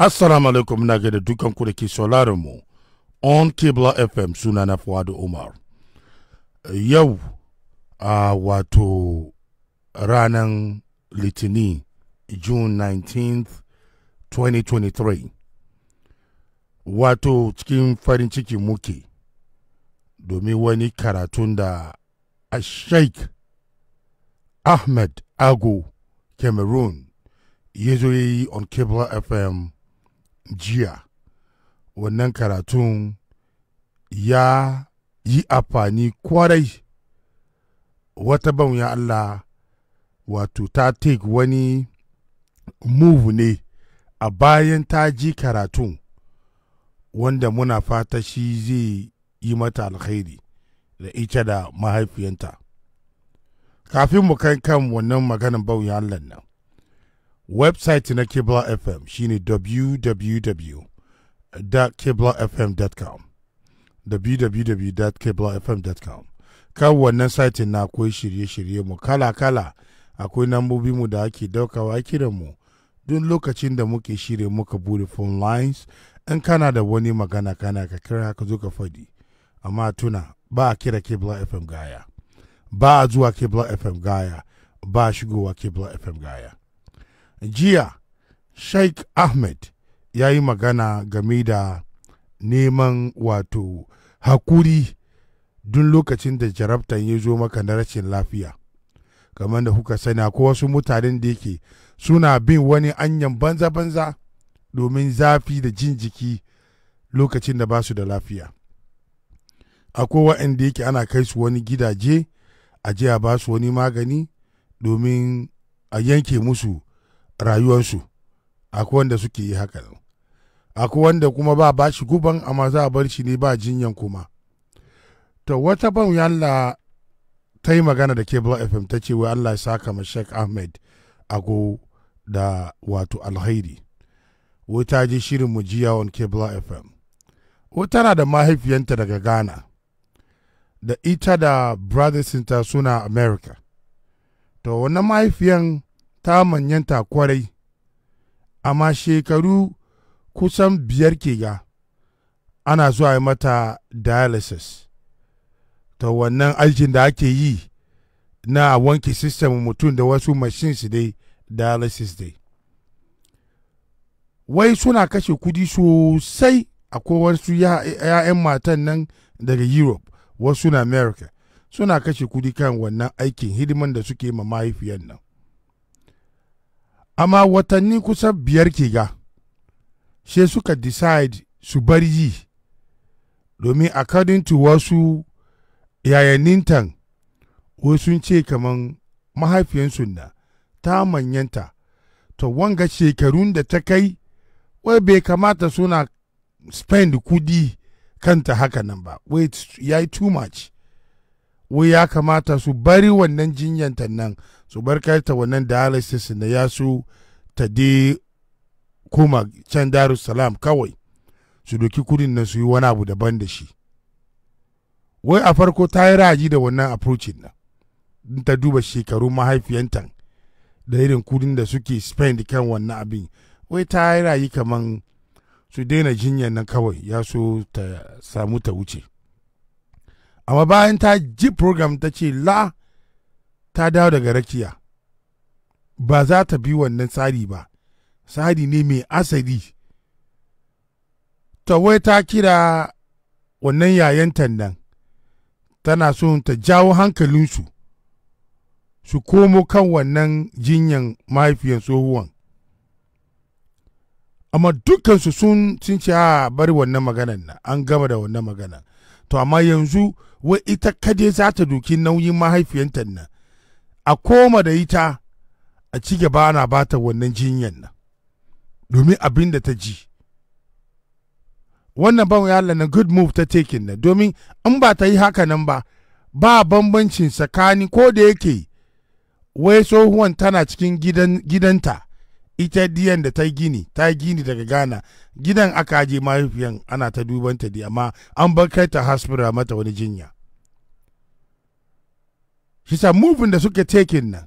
Assalamu alaikum na gaida dukan ku da ke sauraron mu on Kibla FM suna na Fuadu Umar. Yau a wato ranar Litini June 19th 2023 wato cikin farin ciki muke domin wani karatun da a Sheikh Ahmed Ago Cameroon ya zo yi on Kibla FM jiya wannan karatun ya yi amfani kwarai wata ban Allah wato ta take wani move ne a bayan ta ji karatun wanda muna fata shi zai yi mata alkhairi da ita da mahaifiyanta kafin mu kai kan wannan maganin bauya Allah nan website na kibla fm shi shine www.kiblafm.com www.kiblafm.com kan wannan site na akwai shirye-shirye mu kala-kala akwai nambobi mu da ake daukawa kiran mu duk lokacin da muke shirye muka bude phone lines in kana da wani magana kana ka kira ka zo ka faɗi amma tuna ba a kira kibla fm gaya ba a zuwa kibla fm gaya ba a shigowa kibla fm gaya jiya sheikh ahmed ya yi magana game da neman wato hakuri dun lokacin da jarabtan ya zo maka na rashin lafiya kamar da kuka sani ko wasu mutanen da yake suna bin wani anyan banza-banza domin zafi da jin jiki lokacin da ba su da lafiya akwai waɗanda yake ana kai su wani gidaje a je a ba su wani magani domin a yanke musu rayuwarsu akwai wanda suke yi haka nan akwai wanda kuma ba ba shi guban amma za a bar shi ne ba jinyan kuma to wata ban yalla ta yi magana da cable fm ta ce wai allah ya saka ma sheikh ahmed ago da wato alhairi wata ta ji shirin mu jiya on cable fm wata tana da mahaifiyanta daga ghana da ita da brother suna america to wannan mahaifiyan ta manyanta kwarai amma shekaru kusan biyar ke ga ana zuwa mata dialysis ta wannan aikin da ake yi na wanke system mutum da wasu machines dai dialysis dai wai suna kashe kudi sosai akwai wasu ‘ya'yan matan nan daga europe wasu na america suna kashe kudi kan wannan aikin hidiman da suke ma mahaifiyan nan amma watanni kusa biyar ke ga sai suka decide su bar yi domin according to wasu yayanintan wai sun ce kaman mahaifiyansu na ta manyanta to wanga shekarun da ta kai wai bai kamata suna spend kudi kanta haka nan ba wait ya yi too much wai ya kamata su bari wannan jinyanta nan su bar ta wannan dialysis da ya su ta dai kuma can darussalam kawai su doki kudin na su yi wani abu daban da shi wai a farko ta yi raji da wannan approaching nan in ta duba shekaru mahaifiyanta da irin kudin da suke spend kan wannan abin wai ta yi ra'ayi kaman su daina jinyar nan kawai ya so ta samu ta wuce amma bayan ta ji program ta ce la ta dawo daga rakiya ba za ta bi wannan tsari ba tsari ne mai asali ta wai ta kira wannan yayanta nan tana so ta jawo hankalinsu su komo kan wannan jinyan mahaifiyar tsohuwan amma dukansu sun sun ce a bari wannan maganan na an gama da wannan magana to amma yanzu wa ita kade za ta duki nauyin mahaifiyanta nan a koma da ita a ci gaba ana bata wannan jinyan nan domin abin da ta ji wannan ban yalla na good move ta taking nan domin in ba ta yi haka nan ba ba bambancin tsakani ko da yake wai tsohuwan tana cikin gidanta ita diyan da ta gini ta gini daga ghana gidan aka aje mahaifiyan ana ta duban ta di amma an bar kai ta hospital mata wani jinya shi sa da suka tekin nan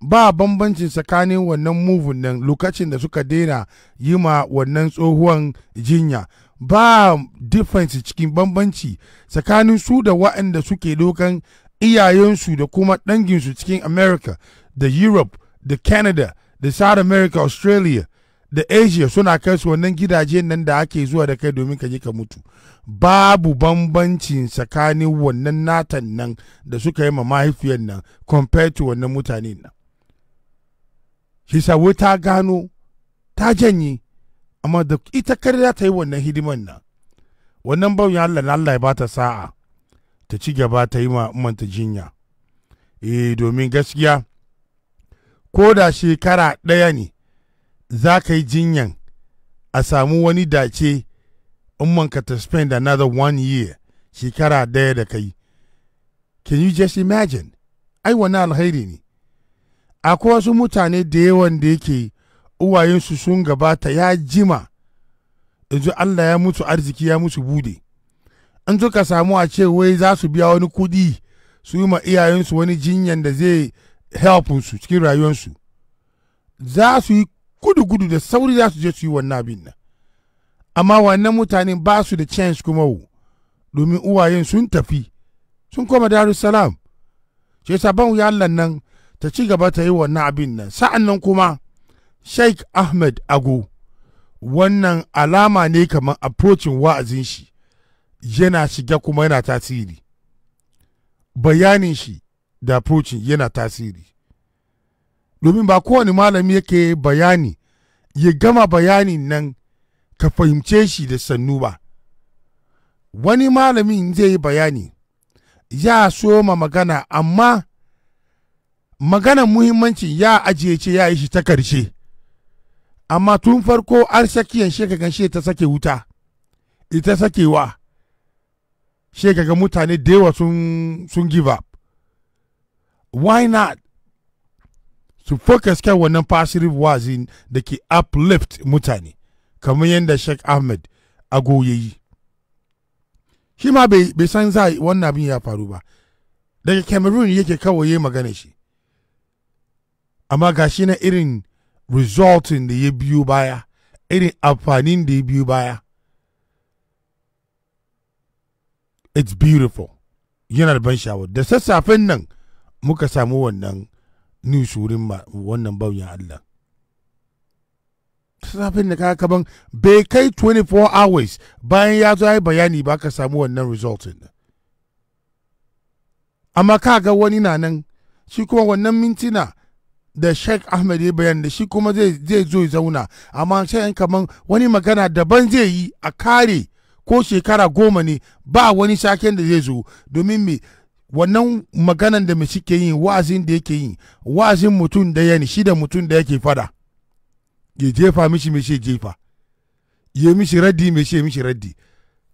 ba bambancin tsakanin wannan movin nan lokacin da suka daina yi ma wannan tsohuwan jinya ba difference cikin bambanci tsakanin su da waɗanda suke dokan iyayensu da kuma danginsu cikin america da europe da canada da South America, Australia, da Asia suna kai su wannan gidaje nan da ake zuwa da kai domin ka je ka mutu. Babu bambanci tsakanin wannan natan nan da suka yi ma mahaifiyar nan compared to wannan mutane nan. Shisa ta gano ta janyi amma da ita kar za ta yi wannan hidiman nan. Wannan bauyan Allah na Allah ya bata sa'a ta ci gaba ta yi ma manta jinya. Eh domin gaskiya ko da shekara ɗaya ne za ka yi jinyan a samu wani dace ummanka ta spend another one year shekara ɗaya da kai can you just imagine ai wani alheri ne akwai wasu mutane da yawan da yake uwayensu sun gabata ya jima yanzu allah ya mutu arziki ya mutu bude in zuka samu a ce wai za su biya wani kuɗi su yi ma iyayensu wani jinyan da zai su cikin rayuwarsu za su yi gudu-gudu da sauri za su je su yi wannan abin nan amma wannan mutane ba su da chance kuma wo domin uwayen sun tafi sun koma darussalam ce yasa ya nan ta ci gaba ta yi wannan abin nan sa'an nan kuma sheikh ahmed ago wannan alama ne kamar approaching wa'azin shi yana shiga kuma yana tasiri bayanin shi da approaching yana tasiri domin ba kowane malami yake bayani ya gama bayani nan ka fahimce shi da sannu ba wani malamin zai yi bayani ya soma magana amma maganan muhimmanci ya ajiye ce ya yi shi ta karshe amma tun farko an sakiyan shekagan shi ta sake wuta ita sakewa shekagan mutane da yawa sun give why not su focus kan wannan positive wazi da ke uplift mutane kamar yadda sheikh ahmed ago ya yi shi ma bai san za wannan abin ya faru ba daga cameroon yake kawai ya magana shi amma ga shi na irin resulting da ya biyo baya irin amfanin da ya biyo baya it's beautiful yana da ban sha'awa da sassafen nan muka samu wannan news wurin wannan bauyan Allah safin da kaga kaban bai kai 24 hours bayan ya zo ya yi bayani ba ka samu wannan resultin. amma kaga wani na nan shi kuma wannan mintina da sheikh ahmed ya bayan da shi kuma zai zo ya zauna amma shayin kaman wani magana daban zai yi a kare ko shekara goma ne ba wani shaken da zai zo domin me wannan maganan da mace ke yi wa'azin da yake yi wa'azin mutum ya ni shi da mutum da yake fada ya jefa mishi mishi jefa ya mishi raddi mishi mishi raddi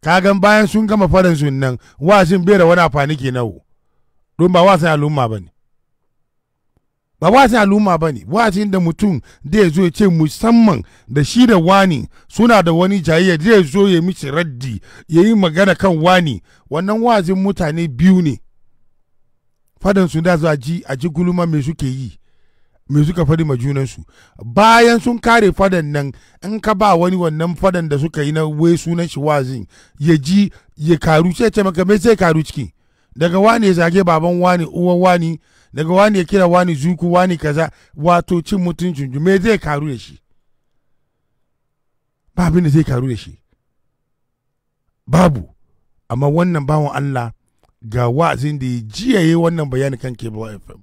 kagan bayan sun gama fadan sun nan wa'azin bai da wani afani ke nawo don ba wa'azin al'umma ba ne ba wa'azin al'umma ba ne wazin da mutum da ya zo ya ce musamman da shi da wani suna da wani jayayya da ya zo ya mishi raddi ya yi magana kan wani wannan wa'azin mutane biyu ne fadan su da zuwa ji a ji guluma me suke yi me suka fadi ma junansu bayan sun kare fadan nan in ka ba wani wannan fadan da suka yi na wai sunan shi wazin ya ji ya karu sai ce maka me sai karu ciki daga wani ya zage baban wani uwan wani daga wani ya kira wani zuku wani kaza wato cin mutuncin me zai karu da shi ba abin da zai karu da shi babu amma wannan bawan Allah ga wa'azin da ya jiya yi wannan bayani kan cable fm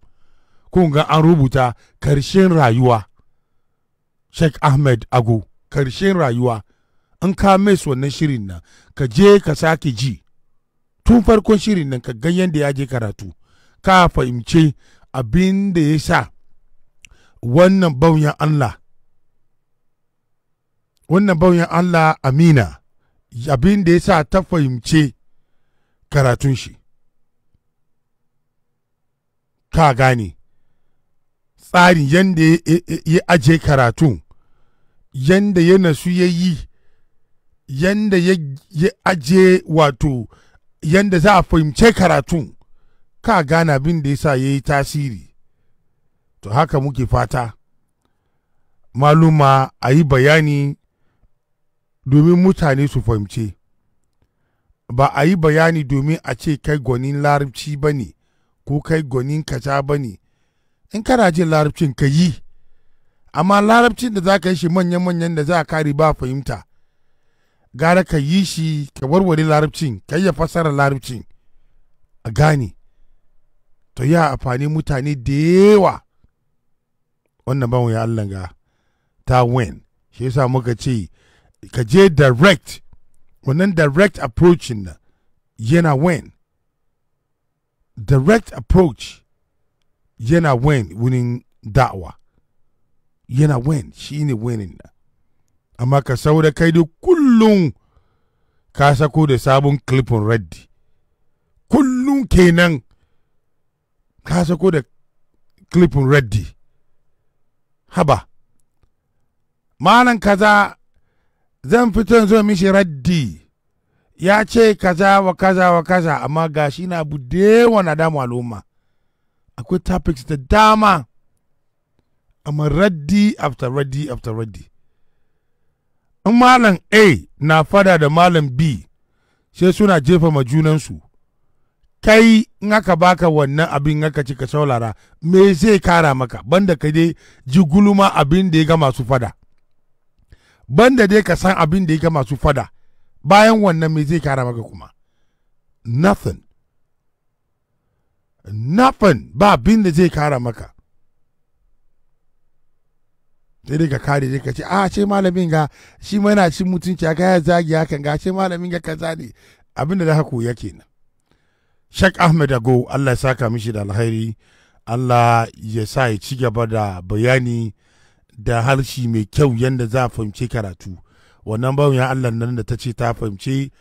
kun ga an rubuta karshen rayuwa sheikh ahmed ago karshen rayuwa an ka mai wannan shirin nan ka je ka sake ji tun farkon shirin nan ka gan yadda ya je karatu ka fahimce abin da ya sa wannan bauyan allah wannan bauyan allah amina abin da ya sa ta fahimce karatun shi ka gane tsari yadda ya aje karatu yadda ya nasu ya yi yadda ya aje wato yadda za a fahimce karatu ka gane abin da yasa ya yi tasiri to haka muke fata maluma a yi bayani domin mutane su fahimce ba a yi bayani domin a ce kai gwanin larabci ba ne ko kai gwanin kaza ba ne in kana jin larabcin ka yi amma larabcin da za ka yi shi manyan-manyan da za a kare ba fahimta gara ka yi shi ka warware larabcin ka iya fasara larabcin a gane to ya amfani mutane da yawa wannan ban ya Allah ga ta wen shi yasa muka ce ka je direct wannan direct approaching na yana wen direct approach yana win winning da'awa yana win shi ne winning da amma ka saura kai da kullum ka sako da sabon clipon raddi kullum kenan ka sako da clipon raddi haba malan kaza zan fito zo mishi raddi ya ce kaza wa kaza wa kaza amma ga shi na abu da na damu al'umma akwai topics da dama amma raddi after raddi after raddi in malam a na fada da malam b sai suna jefa ma junansu kai in aka baka wannan abin aka ci ka saurara me zai kara maka banda ka dai ji guluma abin da ya ga masu fada banda dai ka san abin da ya ga masu fada bayan wannan me zai kara maka kuma nothing nothing ba abin da zai kara maka sai dai ka kare ka ce a ah, ce malamin ga shi ma yana cin mutunci aka ya zagi hakan ga ce malamin ga kaza ne abin da za ka koya kenan Sheikh Ahmed Ago Allah ya saka mishi da alheri Allah ya sa ya ci gaba da bayani da harshe mai kyau yadda za a fahimci karatu wannan bawon ya Allah nan da ta ce ta fahimci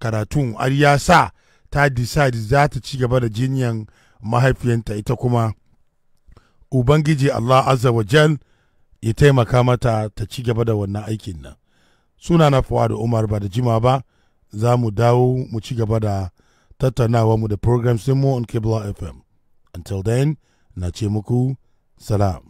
karatun har ya sa ta decide za ta ci gaba da jinyan mahaifiyanta ita kuma ubangiji Allah azza wa jal ya taimaka mata ta ci gaba da wannan aikin nan suna na fawa da umar ba da jima ba za mu dawo mu ci gaba da tattaunawa mu da program mu on cable fm until then na ce muku salam